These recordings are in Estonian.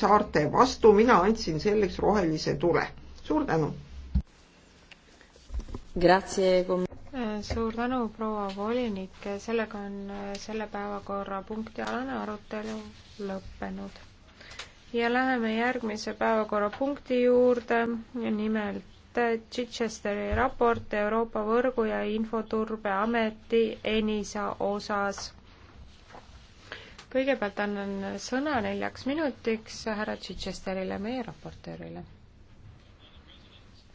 saarte vastu, mina andsin selleks rohelise tule. suur tänu! suur tänu, proua volinik, sellega on selle päevakorrapunkti alane arutelu lõppenud. ja läheme järgmise päevakorrapunkti juurde, nimelt Chichesteri raport Euroopa Võrgu- ja Infoturbeameti ENISA osas kõigepealt annan sõna neljaks minutiks härra Chichesterile, meie raportöörile.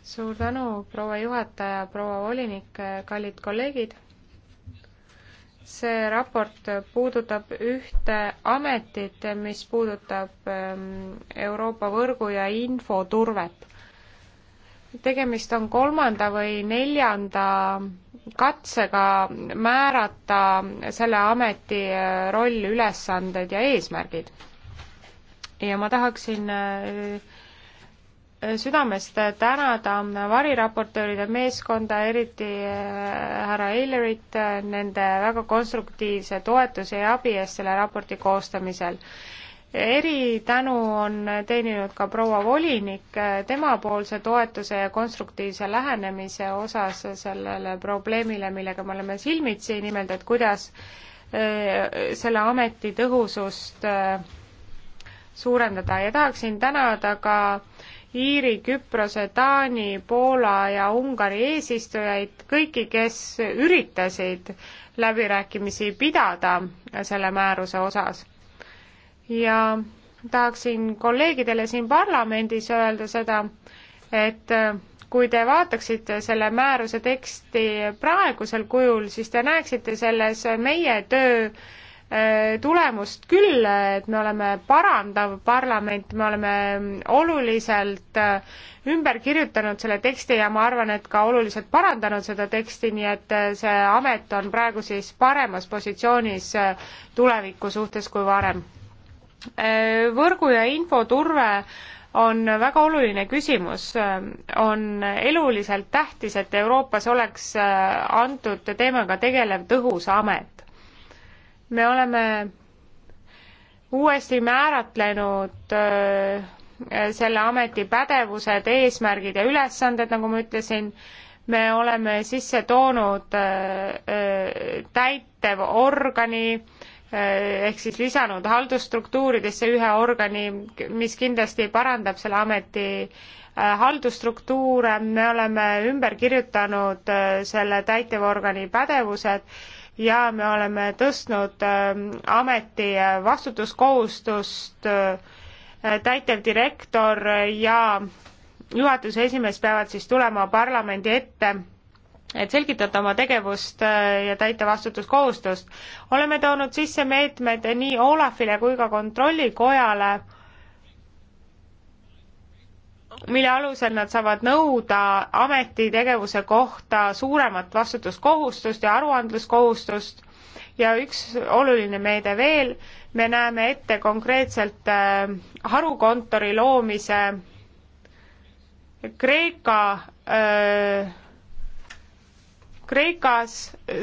suur tänu, proua juhataja, proua volinik, kallid kolleegid see raport puudutab ühte ametit, mis puudutab ähm, Euroopa võrgu ja infoturvet. tegemist on kolmanda või neljanda katsega määrata selle ameti äh, roll, ülesanded ja eesmärgid. ja ma tahaksin äh, äh, südamest tänada variraportööride meeskonda, eriti härra Eilerit, nende väga konstruktiivse toetuse ja abi eest selle raporti koostamisel eritänu on teeninud ka proua volinik eh, temapoolse toetuse ja konstruktiivse lähenemise osas sellele probleemile, millega me oleme silmitsi, nimelt et kuidas eh, selle ameti tõhusust eh, suurendada ja tahaksin tänada ka Iiri, Küprose, Taani, Poola ja Ungari eesistujaid, kõiki, kes üritasid läbirääkimisi pidada selle määruse osas ja tahaksin kolleegidele siin parlamendis öelda seda, et äh, kui te vaataksite selle määruse teksti praegusel kujul, siis te näeksite selles meie töö äh, tulemust küll, et me oleme parandav parlament, me oleme oluliselt äh, ümber kirjutanud selle teksti ja ma arvan, et ka oluliselt parandanud seda teksti, nii et see amet on praegu siis paremas positsioonis tuleviku suhtes kui varem Äh, võrgu ja infoturve on väga oluline küsimus, on eluliselt tähtis, et Euroopas oleks äh, antud teemaga tegelev tõhus amet. me oleme uuesti määratlenud äh, selle ameti pädevused, eesmärgid ja ülesanded, nagu ma ütlesin, me oleme sisse toonud täitevorgani äh, Eh, ehk siis lisanud haldusstruktuuridesse ühe organi, mis kindlasti parandab selle ameti eh, haldusstruktuure, me oleme ümber kirjutanud eh, selle täitevorgani pädevused ja me oleme tõstnud ameti vastutuskohustust, täitevdirektor ja juhatuse esimees peavad siis tulema parlamendi ette et selgitada oma tegevust äh, ja täita vastutuskohustust. oleme toonud sisse meetmed nii Olafile kui ka Kontrollikojale, mille alusel nad saavad nõuda ametitegevuse kohta suuremat vastutuskohustust ja aruandluskohustust ja üks oluline meede veel, me näeme ette konkreetselt äh, harukontori loomise Kreeka öö, äh, Kreekas,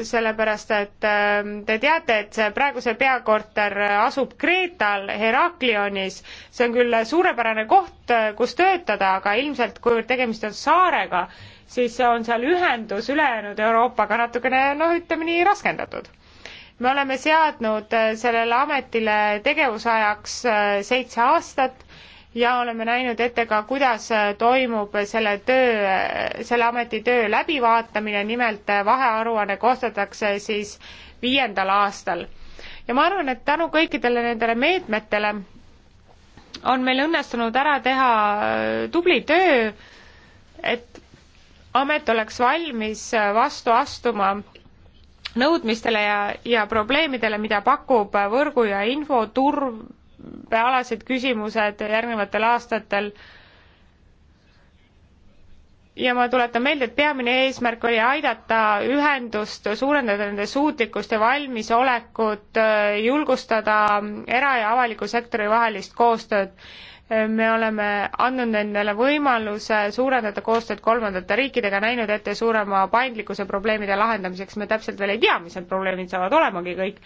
sellepärast et ähm, te teate, et see praeguse peakorter asub Kreetal Heraklionis. see on küll suurepärane koht, äh, kus töötada, aga ilmselt kuivõrd tegemist on saarega, siis on seal ühendus ülejäänud Euroopaga natukene noh, ütleme nii, raskendatud. me oleme seadnud äh, sellele ametile tegevusajaks äh, seitse aastat ja oleme näinud ette ka, kuidas äh, toimub selle töö, selle ameti töö läbivaatamine, nimelt äh, vahearuanne koostatakse siis viiendal aastal. ja ma arvan, et tänu kõikidele nendele meetmetele on meil õnnestunud ära teha äh, tubli töö, et amet oleks valmis vastu astuma nõudmistele ja, ja probleemidele, mida pakub võrgu- ja infoturv alased küsimused järgnevatel aastatel. ja ma tuletan meelde, et peamine eesmärk oli aidata ühendust, suurendada nende suutlikkust ja valmisolekut, äh, julgustada era- ja avaliku sektori vahelist koostööd me oleme andnud nendele võimaluse suurendada koostööd kolmandate riikidega, näinud ette suurema paindlikkuse probleemide lahendamiseks, me täpselt veel ei tea, mis need probleemid saavad olemagi kõik,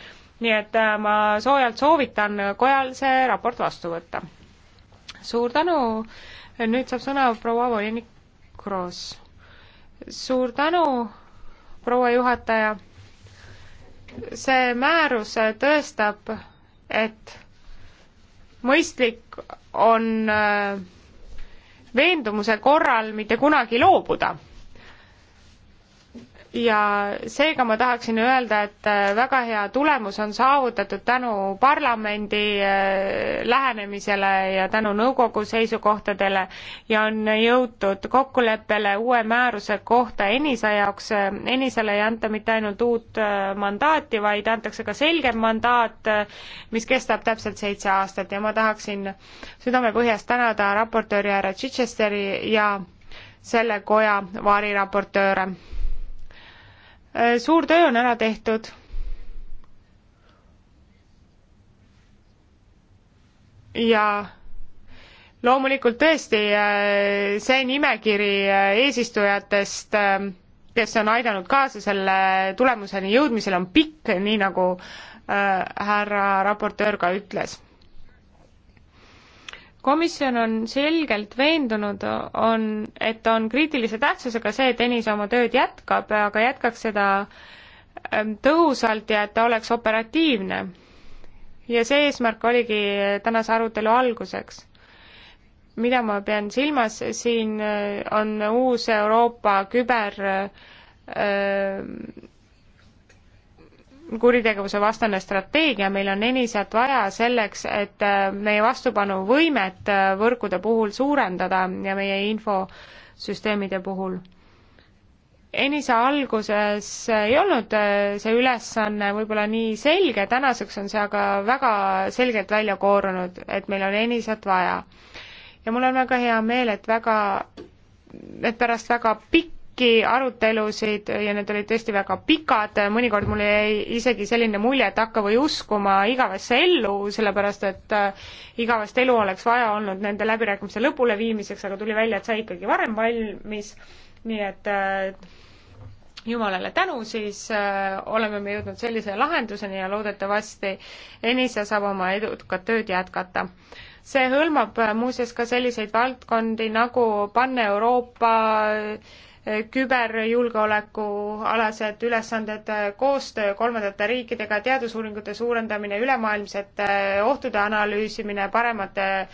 nii et äh, ma soojalt soovitan kojal see raport vastu võtta. suur tänu, nüüd saab sõna proua volinik Kross. suur tänu, proua juhataja, see määrus tõestab, et mõistlik on äh, veendumuse korral mitte kunagi loobuda ja seega ma tahaksin öelda, et äh, väga hea tulemus on saavutatud tänu parlamendi äh, lähenemisele ja tänu nõukogu seisukohtadele ja on jõutud kokkuleppele uue määruse kohta Enisa jaoks. Enisale ei anta mitte ainult uut äh, mandaati, vaid antakse ka selgem mandaat, mis kestab täpselt seitse aastat ja ma tahaksin südamepõhjast tänada raportööri härra Chichesteri ja selle koja variraportööre Äh, suur töö on ära tehtud. ja loomulikult tõesti äh, see nimekiri äh, eesistujatest, ähm, kes on aidanud kaasa selle tulemuseni jõudmisel, on pikk, nii nagu härra raportöör ka ütles komisjon on selgelt veendunud, on, et on kriitilise tähtsusega see, et Enisa oma tööd jätkab, aga jätkaks seda ähm, tõhusalt ja et ta oleks operatiivne. ja see eesmärk oligi tänase arutelu alguseks. mida ma pean silmas, siin äh, on uus Euroopa küber öö, äh, kuritegevuse vastane strateegia, meil on ENISA-t vaja selleks, et äh, meie vastupanuvõimet äh, võrkude puhul suurendada ja meie infosüsteemide puhul. ENISA alguses ei olnud äh, see ülesanne võib-olla nii selge, tänaseks on see aga väga selgelt välja koorunud, et meil on ENISA-t vaja. ja mul on väga hea meel, et väga, et pärast väga pikka pikki arutelusid ja need olid tõesti väga pikad, mõnikord mul jäi isegi selline mulje, et hakka või uskuma igavesse ellu, sellepärast et äh, igavest elu oleks vaja olnud nende läbirääkimiste lõpuleviimiseks, aga tuli välja, et sai ikkagi varem valmis, nii et äh, jumalale tänu, siis äh, oleme me jõudnud sellise lahenduseni ja loodetavasti Enisa saab oma edukat tööd jätkata. see hõlmab äh, muuseas ka selliseid valdkondi nagu Pan-Euroopa äh, küberjulgeolekualased ülesanded, koostöö kolmandate riikidega, teadusuuringute suurendamine, ülemaailmsete ohtude analüüsimine, paremate äh,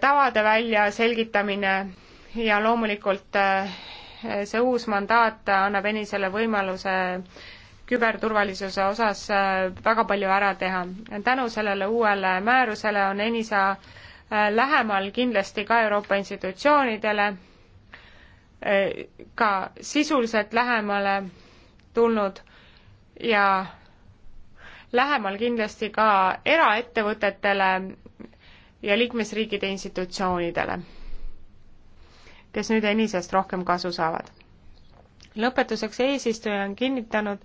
tavade väljaselgitamine ja loomulikult äh, see uus mandaat annab Enisele võimaluse küberturvalisuse osas äh, väga palju ära teha. tänu sellele uuele määrusele on Enisa lähemal kindlasti ka Euroopa institutsioonidele ka sisuliselt lähemale tulnud ja lähemal kindlasti ka eraettevõtetele ja liikmesriikide institutsioonidele, kes nüüd enisest rohkem kasu saavad. lõpetuseks eesistuja on kinnitanud,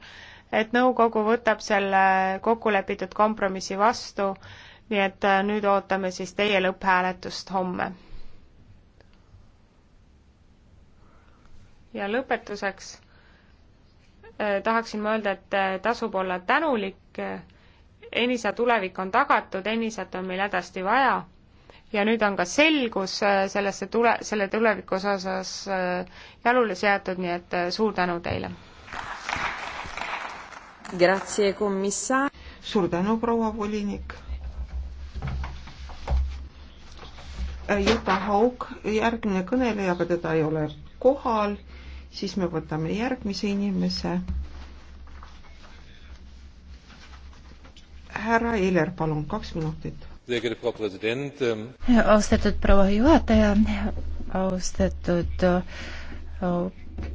et nõukogu võtab selle kokkulepitud kompromissi vastu, nii et nüüd ootame siis teie lõpphääletust homme ja lõpetuseks äh, tahaksin ma öelda, et äh, tasub olla tänulik, äh, Enisa tulevik on tagatud, Enisat on meil hädasti vaja ja nüüd on ka selgus sellesse tule, selle tuleviku osas jalule seatud, nii et suur tänu teile! suur tänu, proua volinik! Juta Haug, järgmine kõneleja, aga teda ei ole kohal siis me võtame järgmise inimese. härra Eiler, palun, kaks minutit. austatud proua juhataja, austatud äh,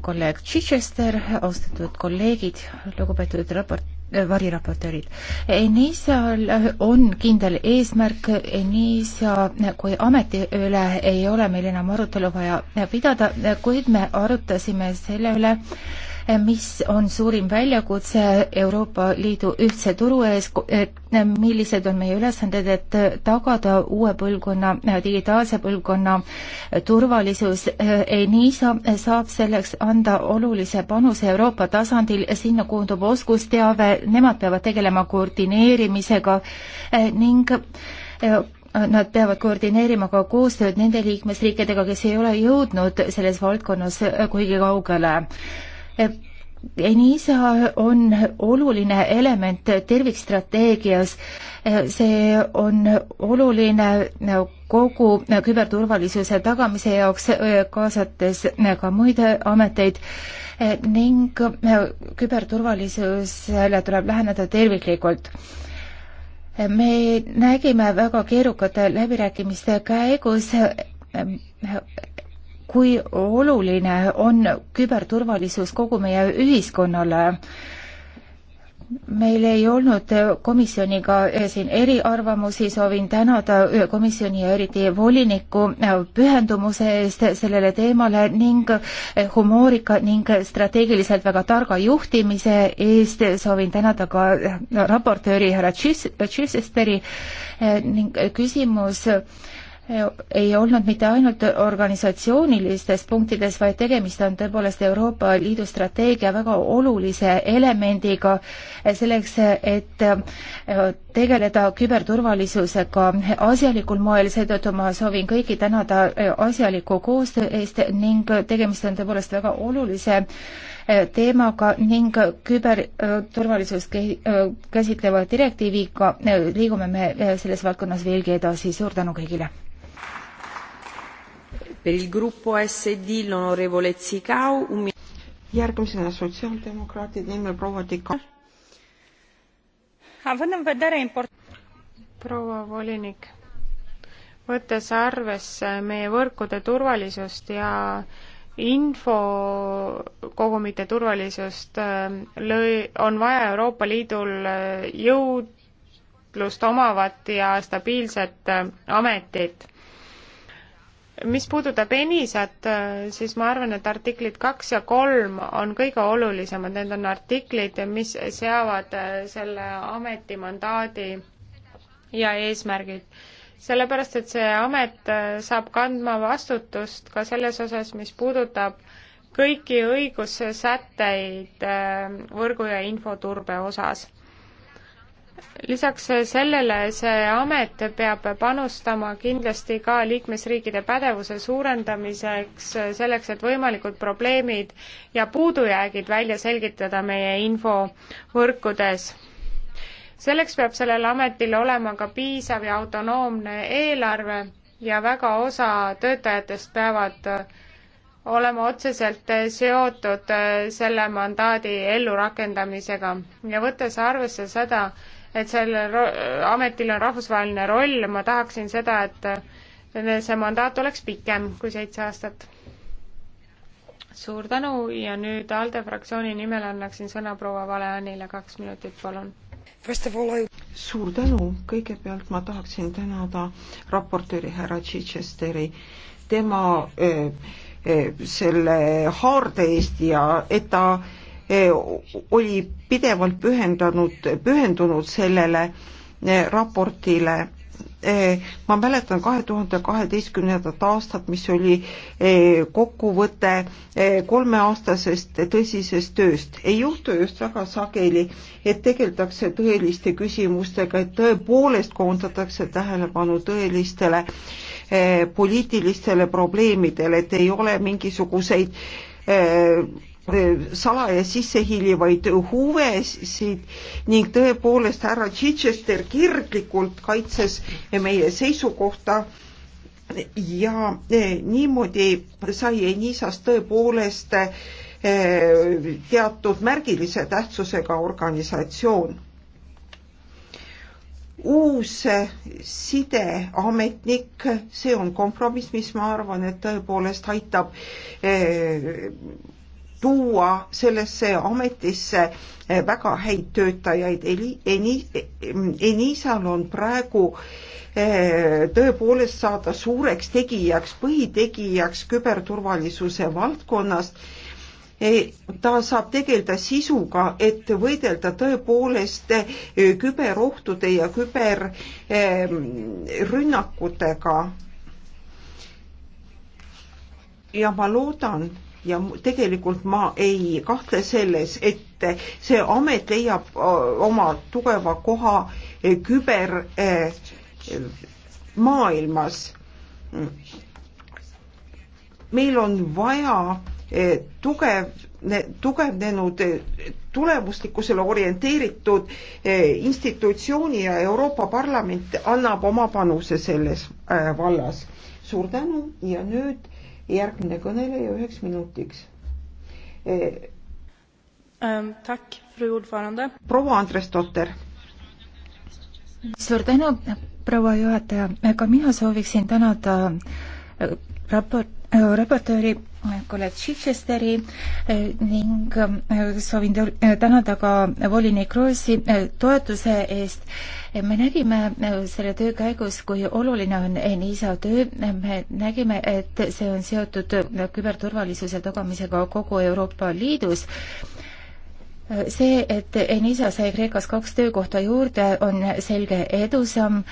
kolleeg Chichester, austatud kolleegid, lugupeetud raport, variraportöörid. Enisal on kindel eesmärk, Enisa kui ameti üle ei ole meil enam arutelu vaja pidada, kuid me arutasime selle üle, mis on suurim väljakutse Euroopa Liidu ühtse turu ees, millised on meie ülesanded, et tagada uue põlvkonna, digitaalse põlvkonna turvalisus. ENISA saab selleks anda olulise panuse Euroopa tasandil, sinna koondub oskusteave, nemad peavad tegelema koordineerimisega eh, ning eh, nad peavad koordineerima ka koostööd nende liikmesriikidega, kes ei ole jõudnud selles valdkonnas eh, kuigi kaugele. Enisa on oluline element tervikstrateegias. see on oluline kogu küberturvalisuse tagamise jaoks, kaasates ka muid ameteid ning küberturvalisusele tuleb läheneda terviklikult me nägime väga keerukate läbirääkimiste käigus kui oluline on küberturvalisus kogu meie ühiskonnale. meil ei olnud komisjoniga eh, siin eriarvamusi, soovin tänada eh, komisjoni ja eriti voliniku eh, pühendumuse eest sellele teemale ning humoorika ning strateegiliselt väga targa juhtimise eest, soovin tänada ka raportööri härra Chichesteri ning küsimus ei olnud mitte ainult organisatsioonilistes punktides, vaid tegemist on tõepoolest Euroopa Liidu strateegia väga olulise elemendiga selleks, et äh, tegeleda küberturvalisusega asjalikul moel, seetõttu ma soovin kõiki tänada äh, asjaliku koostöö eest ning tegemist on tõepoolest väga olulise äh, teemaga ning küberturvalisust käsitleva direktiiviga liigume me selles valdkonnas veelgi edasi, suur tänu kõigile! järgmisena sotsiaaldemokraatide nimel proua Tikal. proua volinik, võttes arvesse meie võrkude turvalisust ja infokogumite turvalisust äh, lõi, on vaja Euroopa Liidul äh, jõudlust omavat ja stabiilset äh, ametit mis puudutab Enisat, siis ma arvan, et artiklid kaks ja kolm on kõige olulisemad, need on artiklid, mis seavad selle ameti mandaadi ja eesmärgid. sellepärast, et see amet saab kandma vastutust ka selles osas, mis puudutab kõiki õigussätteid äh, võrgu- ja infoturbe osas lisaks sellele see amet peab panustama kindlasti ka liikmesriikide pädevuse suurendamiseks, selleks et võimalikud probleemid ja puudujäägid välja selgitada meie infovõrkudes. selleks peab sellel ametil olema ka piisav ja autonoomne eelarve ja väga osa töötajatest peavad olema otseselt seotud selle mandaadi ellurakendamisega ja võttes arvesse seda, et sellel ametil on rahvusvaheline roll, ma tahaksin seda, et see mandaat oleks pikem kui seitse aastat. suur tänu ja nüüd ALDE fraktsiooni nimel annaksin sõna proua Valeanile, kaks minutit, palun. suur tänu, kõigepealt ma tahaksin tänada raportööri härra Chichesteri, tema öö, öö, selle haarde eest ja et ta öö, Eh, oli pidevalt pühendunud, pühendunud sellele eh, raportile. Eh, ma mäletan kahe tuhande kaheteistkümnendat aastat, mis oli kokkuvõte kolmeaastasest tõsisest tööst. ei juhtu just väga sageli, et tegeldakse tõeliste küsimustega, et tõepoolest koondatakse tähelepanu tõelistele poliitilistele probleemidele, et ei ole mingisuguseid Äh, salaja sisse hiilivaid huvesid ning tõepoolest härra Chichester kirglikult kaitses meie seisukohta ja äh, niimoodi sai Enisas tõepoolest äh, teatud märgilise tähtsusega organisatsioon. uus sideametnik, see on kompromiss, mis ma arvan, et tõepoolest aitab tuua sellesse ametisse eh, väga häid töötajaid. Enisal on praegu eh, tõepoolest saada suureks tegijaks, põhitegijaks küberturvalisuse valdkonnast. Eh, ta saab tegeleda sisuga, et võidelda tõepoolest küberohtude ja küberrünnakutega. ja ma loodan, ja tegelikult ma ei kahtle selles, et see amet leiab oma tugeva koha kübermaailmas. meil on vaja tugev, tugevnenud tulemuslikkusele orienteeritud institutsiooni ja Euroopa Parlament annab oma panuse selles vallas. suur tänu ja nüüd järgmine kõneleja üheks minutiks e. proua Andres Totter. suur tänu, proua juhataja, ka mina sooviksin tänada äh, raport, äh, raportööri kolleeg Chichesteri eh, ning eh, soovin eh, tänada ka volinik Roosi toetuse eest. me nägime selle töö käigus, kui oluline on NISA töö. me nägime, et see on seotud küberturvalisuse tagamisega kogu Euroopa Liidus see, et Enisa sai Kreekas kaks töökohta juurde, on selge edusamm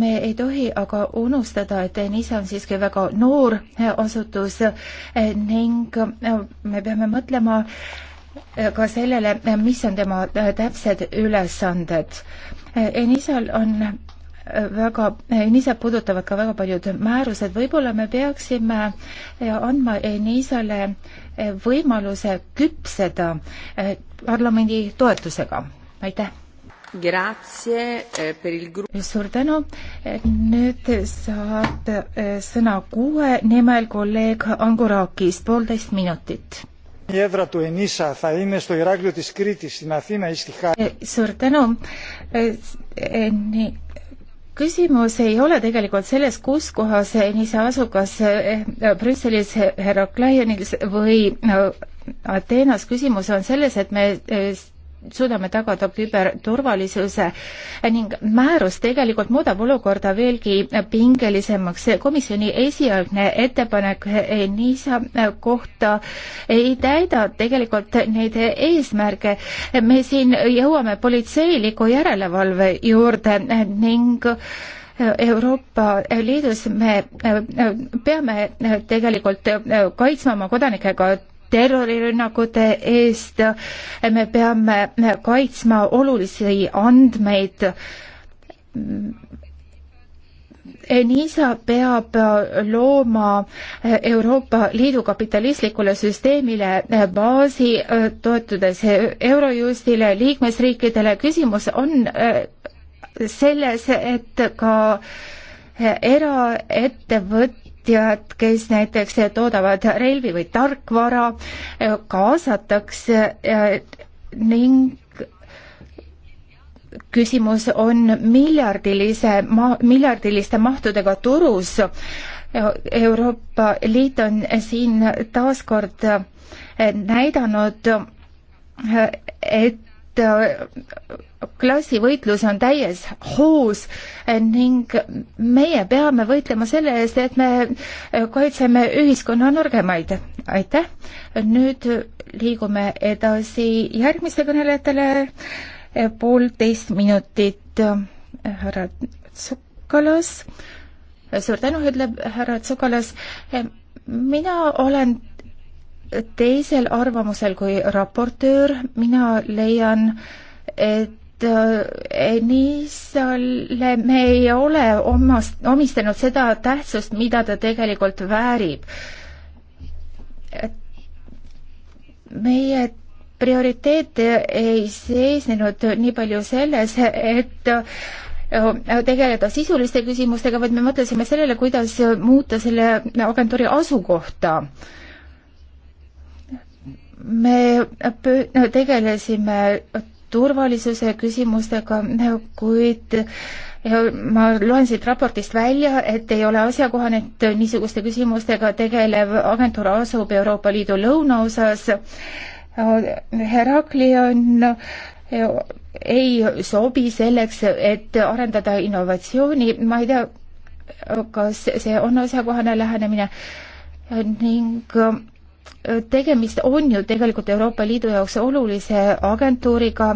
me ei tohi aga unustada, et Enisa on siiski väga noor asutus eh, ning eh, me peame mõtlema eh, ka sellele, mis on tema täpsed ülesanded. Enisal on väga, Enisat puudutavad ka väga paljud määrused, võib-olla me peaksime andma Enisale võimaluse küpseda parlamendi toetusega, aitäh Eh, suur tänu, nüüd saab eh, sõna kuue nimel kolleeg Angurakis, poolteist minutit. suur tänu, nii küsimus ei ole tegelikult selles, kus kohas Enisa asub, kas eh, Brüsselis Heraklionis või Ateenas, küsimus on selles, et me suudame tagada küberturvalisuse ning määrus tegelikult muudab olukorda veelgi pingelisemaks. komisjoni esialgne ettepanek NISA kohta ei täida tegelikult neid eesmärke. me siin jõuame politseiliku järelevalve juurde ning Euroopa Liidus me peame tegelikult kaitsma oma kodanikega terrorirünnakute eest, me peame kaitsma olulisi andmeid. Enisa peab looma Euroopa Liidu kapitalistlikule süsteemile baasi, toetudes Eurojustile, liikmesriikidele. küsimus on eh, selles, et ka eraettevõtted ettevõtjad, kes näiteks toodavad relvi või tarkvara, kaasatakse ning küsimus on miljardilise ma-, miljardiliste mahtudega turus. Euroopa Liit on siin taaskord näidanud, et klassivõitlus on täies hoos eh, ning meie peame võitlema selle eest, et me eh, kaitseme ühiskonna nõrgemaid. aitäh, nüüd liigume edasi järgmiste kõnelejatele, eh, poolteist minutit, härra Tsukalas, suur tänu, ütleb härra Tsukalas, mina olen teisel arvamusel kui raportöör, mina leian, et Äh, Enisale me ei ole omast, omistanud seda tähtsust, mida ta tegelikult väärib. meie prioriteet ei seisnenud nii palju selles, et äh, tegeleda sisuliste küsimustega, vaid me mõtlesime sellele, kuidas muuta selle agentuuri asukohta. me tegelesime turvalisuse küsimustega, kuid ma loen siit raportist välja, et ei ole asjakohane, et niisuguste küsimustega tegelev agentuur asub Euroopa Liidu lõunaosas. Heraklion ei sobi selleks, et arendada innovatsiooni, ma ei tea, kas see on asjakohane lähenemine ning tegemist on ju tegelikult Euroopa Liidu jaoks olulise agentuuriga,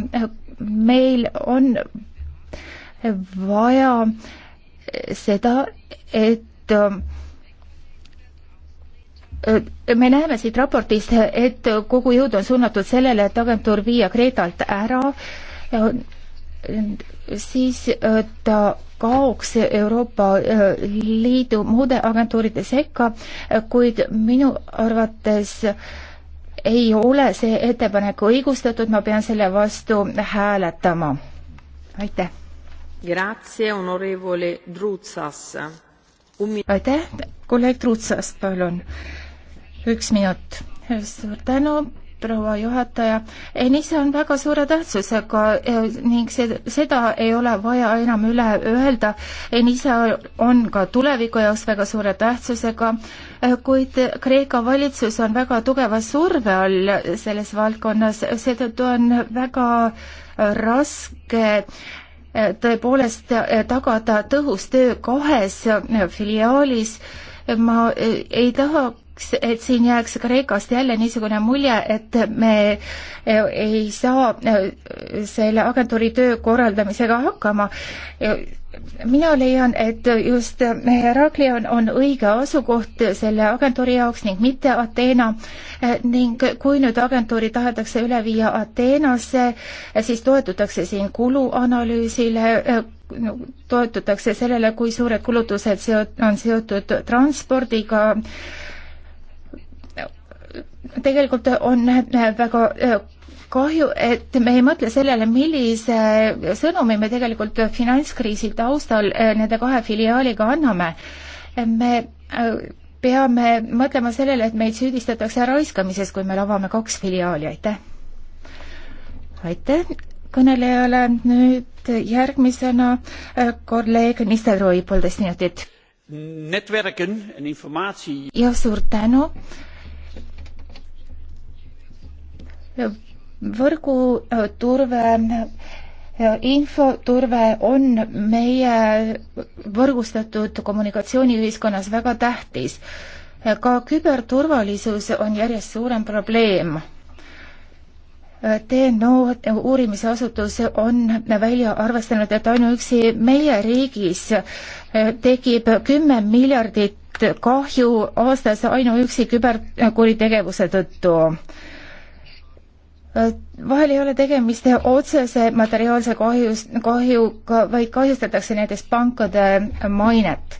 meil on vaja seda, et me näeme siit raportist, et kogu jõud on suunatud sellele, et agentuur viia Kreetalt ära siis äh, ta kaoks Euroopa äh, Liidu muude agentuuride sekka, äh, kuid minu arvates ei ole see ettepanek õigustatud, ma pean selle vastu hääletama. aitäh. Um- aitäh, kolleeg Trutsas, palun. üks minut. suur tänu, proua juhataja. Enise on väga suure tähtsusega eh, ning see, seda ei ole vaja enam üle öelda. Enise on ka tuleviku jaoks väga suure tähtsusega, eh, kuid Kreeka valitsus on väga tugeva surve all selles valdkonnas, seetõttu on väga eh, raske tõepoolest tagada tõhus töö kahes filiaalis ma ei taha et siin jääks Kreekast jälle niisugune mulje, et me e, ei saa e, selle agentuuri töö korraldamisega hakkama. E, mina leian, et just Heraklion on õige asukoht selle agentuuri jaoks ning mitte Ateena ning kui nüüd agentuuri tahetakse üle viia Ateenasse, siis toetutakse siin kuluanalüüsile, toetutakse sellele, kui suured kulutused seot-, on seotud transpordiga, tegelikult on väga äh, kahju, et me ei mõtle sellele, millise sõnumi me tegelikult finantskriisi taustal äh, nende kahe filiaaliga anname. me äh, peame mõtlema sellele, et meid süüdistatakse raiskamises, kui me avame kaks filiaali, aitäh! aitäh kõnelejale, nüüd järgmisena kolleeg Nistelrooi, poolteist minutit. jah, suur tänu võrguturve äh, äh, infoturve on meie võrgustatud kommunikatsiooniühiskonnas väga tähtis. Äh, ka küberturvalisus on järjest suurem probleem. DNO uurimisasutus on välja arvestanud, et ainuüksi meie riigis tekib kümme miljardit kahju aastas ainuüksi küberkuritegevuse tõttu vahel ei ole tegemist otsese materiaalse kahjus, kahjuga, vaid kahjustatakse näiteks pankade mainet.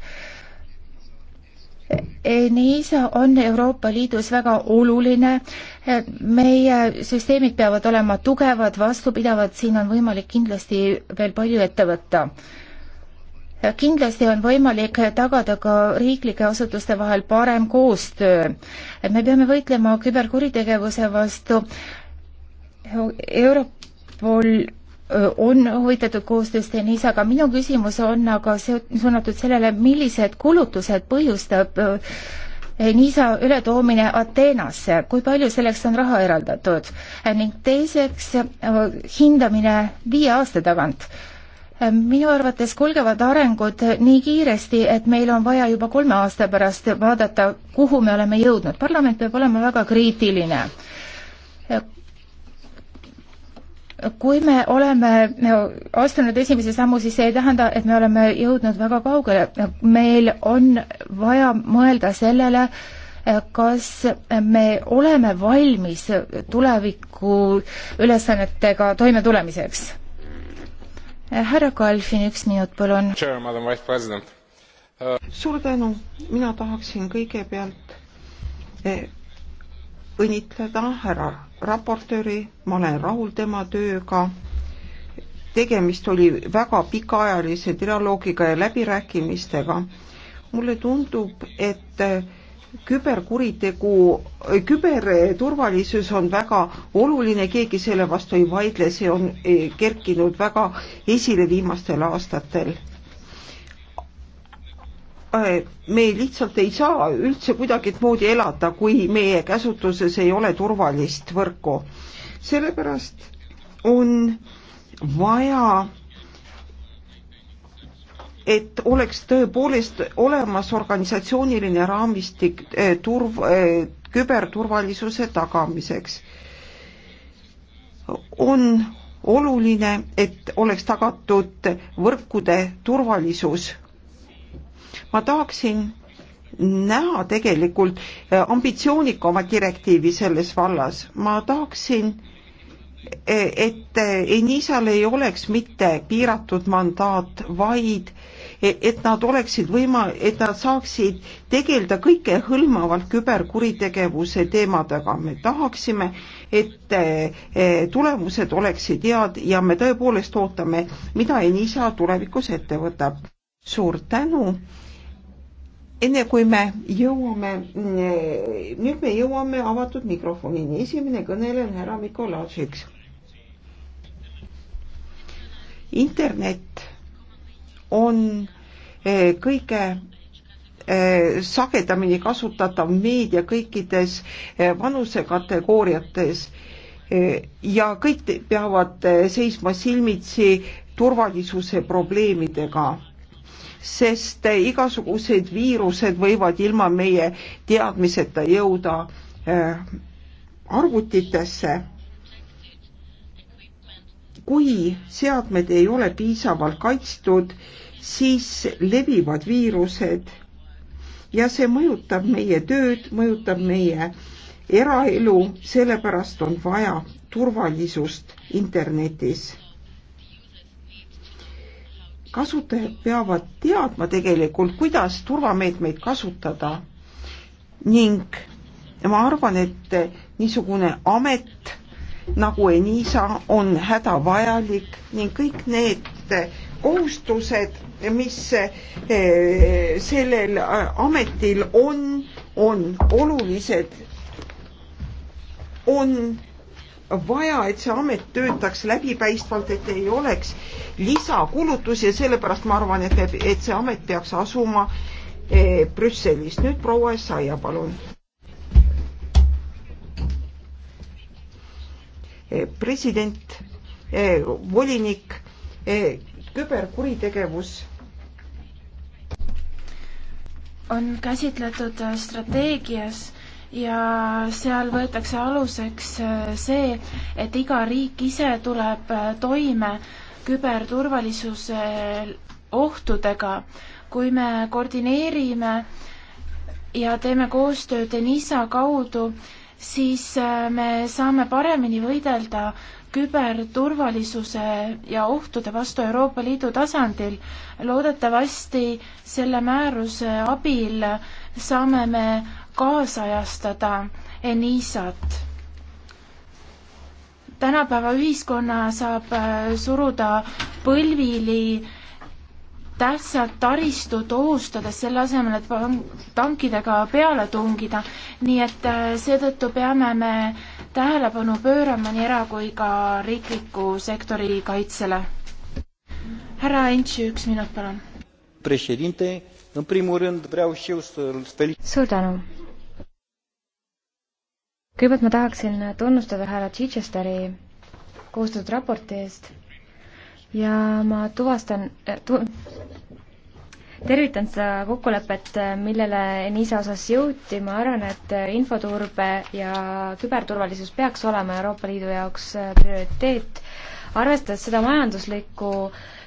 E, NISA on Euroopa Liidus väga oluline, meie süsteemid peavad olema tugevad, vastupidavad, siin on võimalik kindlasti veel palju ette võtta. kindlasti on võimalik tagada ka riiklike asutuste vahel parem koostöö. me peame võitlema küberkuritegevuse vastu Europol on huvitatud koostööst TENIS, aga minu küsimus on aga suunatud sellele, millised kulutused põhjustab Niisa ületoomine Ateenasse, kui palju selleks on raha eraldatud ning teiseks hindamine viie aasta tagant. minu arvates kulgevad arengud nii kiiresti, et meil on vaja juba kolme aasta pärast vaadata, kuhu me oleme jõudnud. parlament peab olema väga kriitiline kui me oleme astunud esimese sammu, siis see ei tähenda, et me oleme jõudnud väga kaugele. meil on vaja mõelda sellele, kas me oleme valmis tuleviku ülesannetega toime tulemiseks? härra Kalfin, üks minut, palun. suur tänu, mina tahaksin kõigepealt eh, õnnitleda härra raportööri, ma olen rahul tema tööga. tegemist oli väga pikaajalise dialoogiga ja läbirääkimistega. mulle tundub, et küberkuritegu, küberturvalisus on väga oluline, keegi selle vastu ei vaidle, see on kerkinud väga esile viimastel aastatel Äh, me lihtsalt ei saa üldse kuidagimoodi elada, kui meie käsutuses ei ole turvalist võrku. sellepärast on vaja et oleks tõepoolest olemas organisatsiooniline raamistik äh, turv, äh, küberturvalisuse tagamiseks. on oluline, et oleks tagatud võrkude turvalisus ma tahaksin näha tegelikult äh, ambitsioonikama direktiivi selles vallas. ma tahaksin, äh, et äh, Enisal ei oleks mitte piiratud mandaat, vaid e, et nad oleksid võima-, et nad saaksid tegeleda kõikehõlmavalt küberkuritegevuse teemadega. me tahaksime, et tulemused oleksid head ja me tõepoolest ootame, mida Enisa tulevikus ette võtab suur tänu. enne kui me jõuame, nüüd me jõuame avatud mikrofonini, esimene kõneleja on härra Mikolašiks. internet on eh, kõige eh, sagedamini kasutatav meedia kõikides eh, vanusekategooriates ja kõik peavad seisma silmitsi turvalisuse probleemidega sest igasugused viirused võivad ilma meie teadmiseta jõuda äh, arvutitesse. kui seadmed ei ole piisavalt kaitstud, siis levivad viirused ja see mõjutab meie tööd, mõjutab meie eraelu, sellepärast on vaja turvalisust internetis kasutajad peavad teadma tegelikult, kuidas turvameetmeid kasutada ning ma arvan, et niisugune amet nagu Enisa on hädavajalik ning kõik need kohustused, mis eh, sellel ametil on, on olulised, on vaja, et see amet töötaks läbipaistvalt, et ei oleks lisakulutusi ja sellepärast ma arvan, et, et see amet peaks asuma eh, Brüsselis. nüüd proua Essaia, palun. Eh, president eh,, volinik eh,, küberkuritegevus on käsitletud eh, strateegias ja seal võetakse aluseks äh, see, et iga riik ise tuleb äh, toime küberturvalisuse ohtudega. kui me koordineerime ja teeme koostööd ENISA kaudu, siis äh, me saame paremini võidelda küberturvalisuse ja ohtude vastu Euroopa Liidu tasandil. loodetavasti selle määruse abil saame me kaasajastada Enisat. tänapäeva ühiskonna saab äh, suruda põlvili tähtsad taristud ohustades, selle asemel, et tankidega peale tungida. nii et äh, seetõttu peame me tähelepanu pöörama nii era- kui ka riikliku sektori kaitsele. härra Entši, üks minut, palun. suur tänu kõigepealt ma tahaksin tunnustada härra Chichesteri koostatud raporti eest ja ma tuvastan äh, tu,, tervitan seda kokkulepet, millele Enisa osas jõuti, ma arvan, et infoturbe ja küberturvalisus peaks olema Euroopa Liidu jaoks äh, prioriteet, arvestades seda majanduslikku,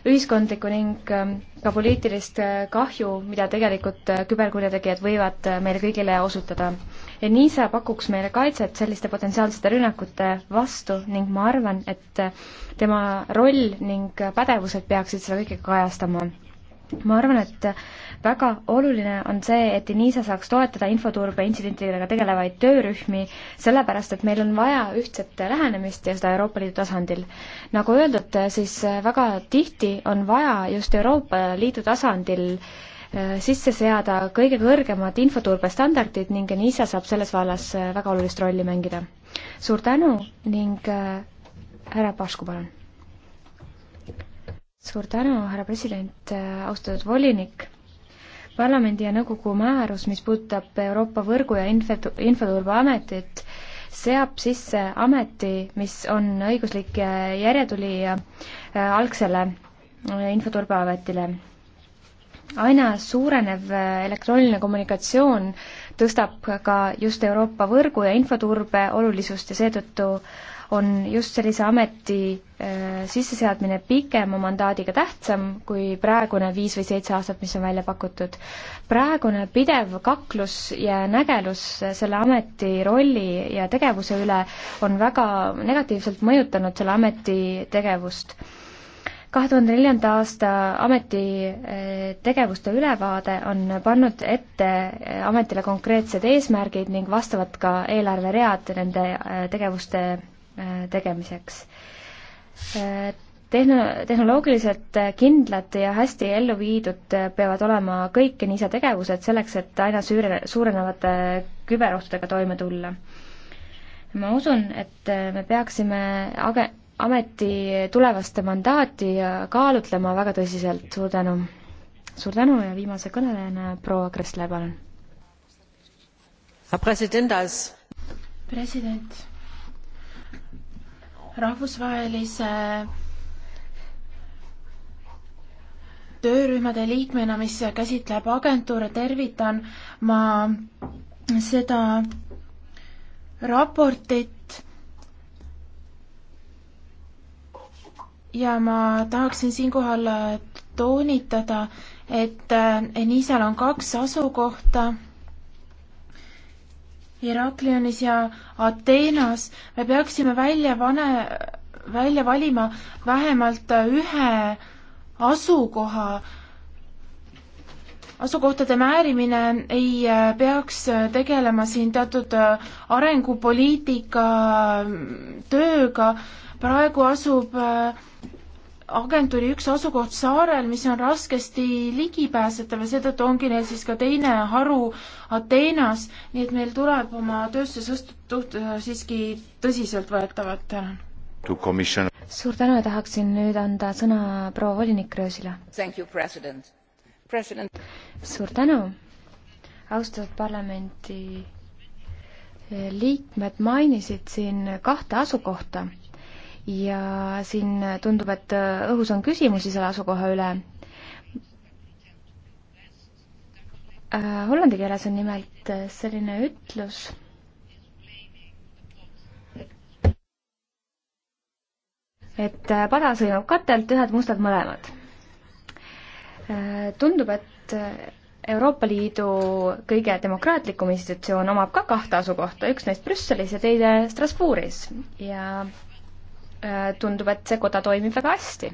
ühiskondlikku ning ähm, ka poliitilist äh, kahju, mida tegelikult küberkurjategijad võivad meile kõigile osutada NISA pakuks meile kaitset selliste potentsiaalsete rünnakute vastu ning ma arvan, et tema roll ning pädevused peaksid seda kõike kajastama ma arvan, et väga oluline on see, et Denise saaks toetada infoturbe intsidentidega tegelevaid töörühmi, sellepärast et meil on vaja ühtset lähenemist ja seda Euroopa Liidu tasandil. nagu öeldud, siis väga tihti on vaja just Euroopa Liidu tasandil äh, Äh, sisse seada kõige kõrgemad infoturbestandardid ning NISA saab selles vallas äh, väga olulist rolli mängida. suur tänu ning äh, härra Pašku, palun. suur tänu, härra president, austatud volinik. parlamendi ja nõukogu määrus, mis puudutab Euroopa Võrgu- ja Info-, Infoturbeametit, seab sisse ameti, mis on õiguslik järjetulija algsele infoturbeametile aina suurenev äh, elektrooniline kommunikatsioon tõstab ka just Euroopa võrgu ja infoturbe olulisust ja seetõttu on just sellise ameti äh, sisseseadmine pikema mandaadiga tähtsam kui praegune viis või seitse aastat, mis on välja pakutud. praegune pidev kaklus ja nägelus selle ameti rolli ja tegevuse üle on väga negatiivselt mõjutanud selle ameti tegevust kahe tuhande neljanda aasta ametitegevuste eh, ülevaade on pannud ette eh, ametile konkreetsed eesmärgid ning vastavad ka eelarveread nende eh, tegevuste tegemiseks. Tehno-, tehnoloogiliselt kindlad ja hästi ellu viidud peavad olema kõik NISA tegevused selleks, et aina suure, suurenevate küberohtudega toime tulla. ma usun, et me peaksime age-, ameti tulevaste mandaati kaalutlema väga tõsiselt, suur tänu. suur tänu ja viimase kõnelejana proua Kressle, palun. president, rahvusvahelise töörühmade liikmena, mis käsitleb agentuure, tervitan ma seda raportit, ja ma tahaksin siinkohal toonitada, et Enisal äh, on kaks asukohta Heraklionis ja Ateenas. me peaksime välja pane, välja valima vähemalt äh, ühe asukoha. asukohtade määrimine ei äh, peaks tegelema siin teatud arengupoliitika tööga praegu asub äh, agentuuri üks asukoht saarel, mis on raskesti ligipääsetav ja seetõttu ongi neil siis ka teine haru Ateenas, nii et meil tuleb oma tööstusõstut äh, siiski tõsiseltvõetavalt, tänan. suur tänu ja tahaksin nüüd anda sõna proua volinik Röösile. suur tänu, austatud parlamendi eh, liikmed mainisid siin kahte asukohta ja siin tundub, et õhus on küsimusi selle asukoha üle. Äh, hollandi keeles on nimelt selline ütlus et äh, pada sõimab katelt, ühed mustad mõlemad. Äh, tundub, et Euroopa Liidu kõige demokraatlikum institutsioon omab ka kahte asukohta, üks neist Brüsselis ja teine Strasbourgis ja Äh, tundub, et see koda toimib väga hästi.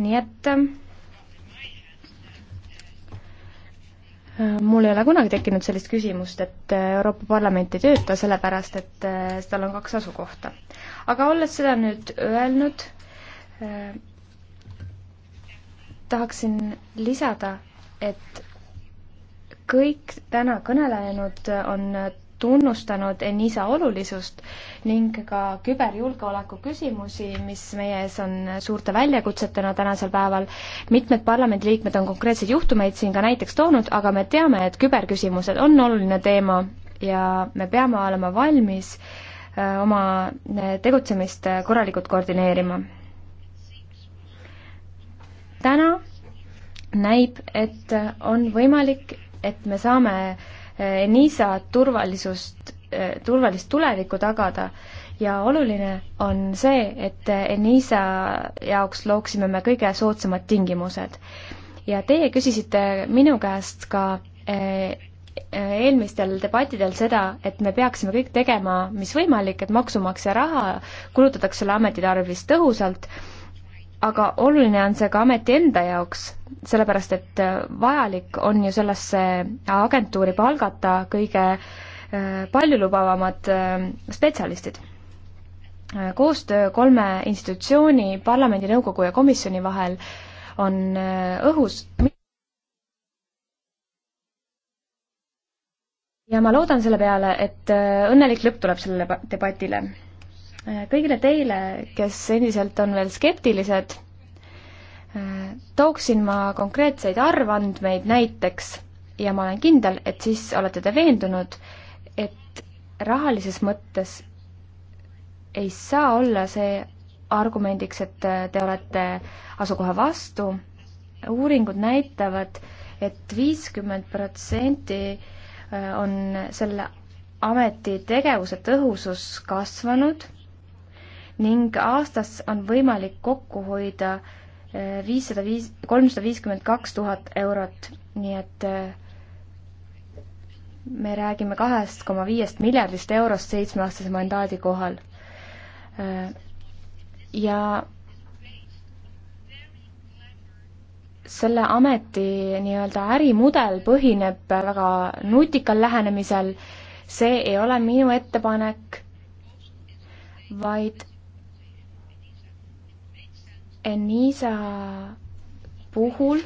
nii et ähm, mul ei ole kunagi tekkinud sellist küsimust, et äh, Euroopa Parlament ei tööta, sellepärast et tal äh, on kaks asukohta. aga olles seda nüüd öelnud, tahaksin lisada, et kõik täna kõnelenud on tunnustanud ENISA olulisust ning ka küberjulgeoleku küsimusi, mis meie ees on suurte väljakutsetena tänasel päeval. mitmed parlamendiliikmed on konkreetseid juhtumeid siin ka näiteks toonud, aga me teame, et küberküsimused on oluline teema ja me peame olema valmis äh, oma äh, tegutsemist äh, korralikult koordineerima. täna näib, et on võimalik, et me saame äh, Eh, NISA turvalisust, eh, turvalist tulevikku tagada ja oluline on see, et eh, NISA jaoks looksime me kõige soodsamad tingimused. ja teie küsisite minu käest ka eelmistel debattidel seda, et me peaksime kõik tegema, mis võimalik, et maksumaksja raha kulutatakse selle ameti tarvis tõhusalt aga oluline on see ka ameti enda jaoks, sellepärast et äh, vajalik on ju sellesse agentuuri palgata kõige äh, paljulubavamad äh, spetsialistid. koostöö kolme institutsiooni, parlamendi, nõukogu ja komisjoni vahel on õhus. ja ma loodan selle peale, et õnnelik lõpp tuleb sellele debatile kõigile teile, kes endiselt on veel skeptilised, tooksin ma konkreetseid arvandmeid näiteks ja ma olen kindel, et siis olete te veendunud, et rahalises mõttes ei saa olla see argumendiks, et te olete asukoha vastu. uuringud näitavad et, et viiskümmend protsenti äh, on selle ameti tegevuse tõhusus kasvanud ning aastas on võimalik kokku hoida eh, viissada viis, kolmsada viiskümmend kaks tuhat eurot, nii et eh, me räägime kahest koma viiest miljardist eurost seitsmeaastase mandaadi kohal. Eh, ja selle ameti nii-öelda ärimudel põhineb väga nutikal lähenemisel, see ei ole minu ettepanek, vaid Enisa puhul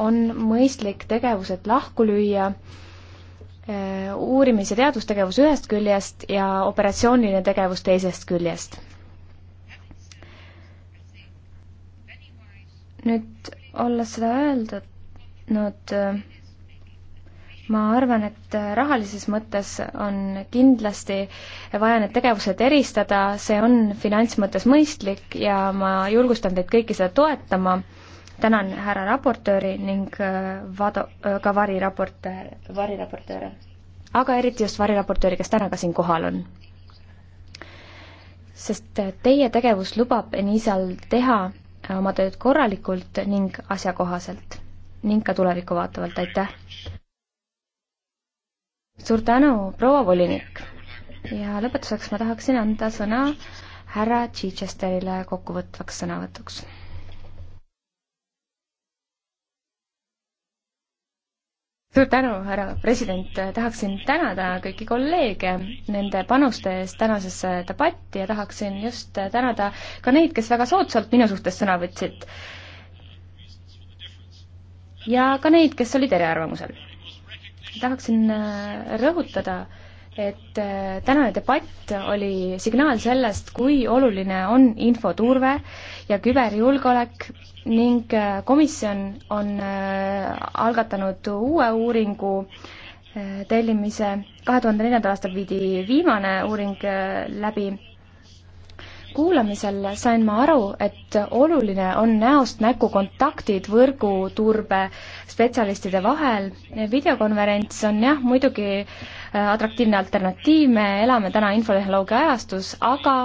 on mõistlik tegevused lahku lüüa eh, uurimis- ja teadustegevus ühest küljest ja operatsiooniline tegevus teisest küljest. nüüd olles seda öeldud, eh, ma arvan, et rahalises mõttes on kindlasti vaja need tegevused eristada, see on finants mõttes mõistlik ja ma julgustan teid kõiki seda toetama. tänan härra raportööri ning äh, vado-, äh, ka variraportöör, variraportööre. aga eriti just variraportööri, kes täna ka siin kohal on. sest äh, teie tegevus lubab Enisal teha oma tööd korralikult ning asjakohaselt ning ka tulevikku vaatavalt, aitäh! suur tänu, proua volinik! ja lõpetuseks ma tahaksin anda sõna härra Chichesterile kokkuvõtvaks sõnavõtuks. suur tänu, härra president, tahaksin tänada kõiki kolleege nende panuste eest tänasesse debatti ja tahaksin just tänada ka neid, kes väga soodsalt minu suhtes sõna võtsid. ja ka neid, kes olid eriarvamusel tahaksin äh, rõhutada, et äh, tänane debatt oli signaal sellest, kui oluline on infoturve ja küberjulgeolek ning äh, komisjon on algatanud uue uuringu tellimise, kahe tuhande neljandal aastal viidi viimane uuring läbi kuulamisel sain ma aru, et oluline on näost näkku kontaktid võrguturbe spetsialistide vahel. videokonverents on jah, muidugi äh, atraktiivne alternatiiv, me elame täna infotehnoloogia ajastus, aga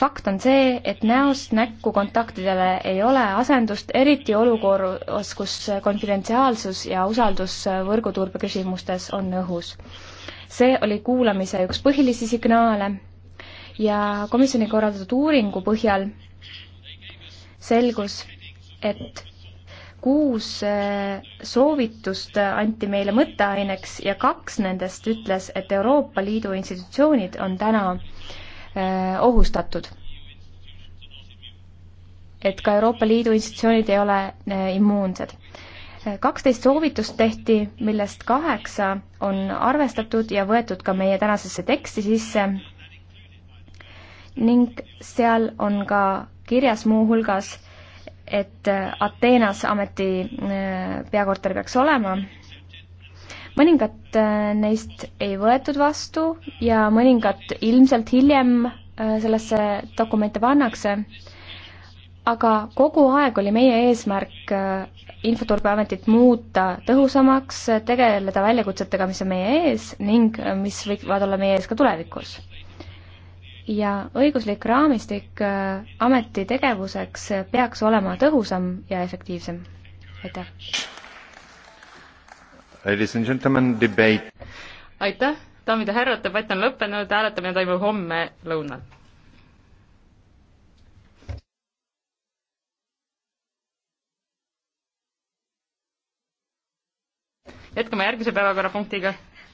fakt on see, et näost näkku kontaktidele ei ole asendust, eriti olukorras, kus konfidentsiaalsus ja usaldus võrguturbe küsimustes on õhus. see oli kuulamise üks põhilisi signaale ja komisjoni korraldatud uuringu põhjal selgus, et kuus eh, soovitust eh, anti meile mõtteaineks ja kaks nendest ütles, et Euroopa Liidu institutsioonid on täna eh, ohustatud. et ka Euroopa Liidu institutsioonid ei ole immuunsed. kaksteist soovitust tehti, millest kaheksa on arvestatud ja võetud ka meie tänasesse teksti sisse ning seal on ka kirjas muuhulgas, et Ateenas ameti äh, peakorter peaks olema. mõningat äh, neist ei võetud vastu ja mõningat ilmselt hiljem äh, sellesse dokumente pannakse, aga kogu aeg oli meie eesmärk infoturbeametit muuta tõhusamaks, tegeleda väljakutsetega, mis on meie ees ning mis võivad olla meie ees ka tulevikus ja õiguslik raamistik äh, ameti tegevuseks peaks olema tõhusam ja efektiivsem. aitäh! aitäh, daamid ja härrad, debatt on lõppenud, hääletamine toimub homme lõunal. jätkame järgmise päevakorrapunktiga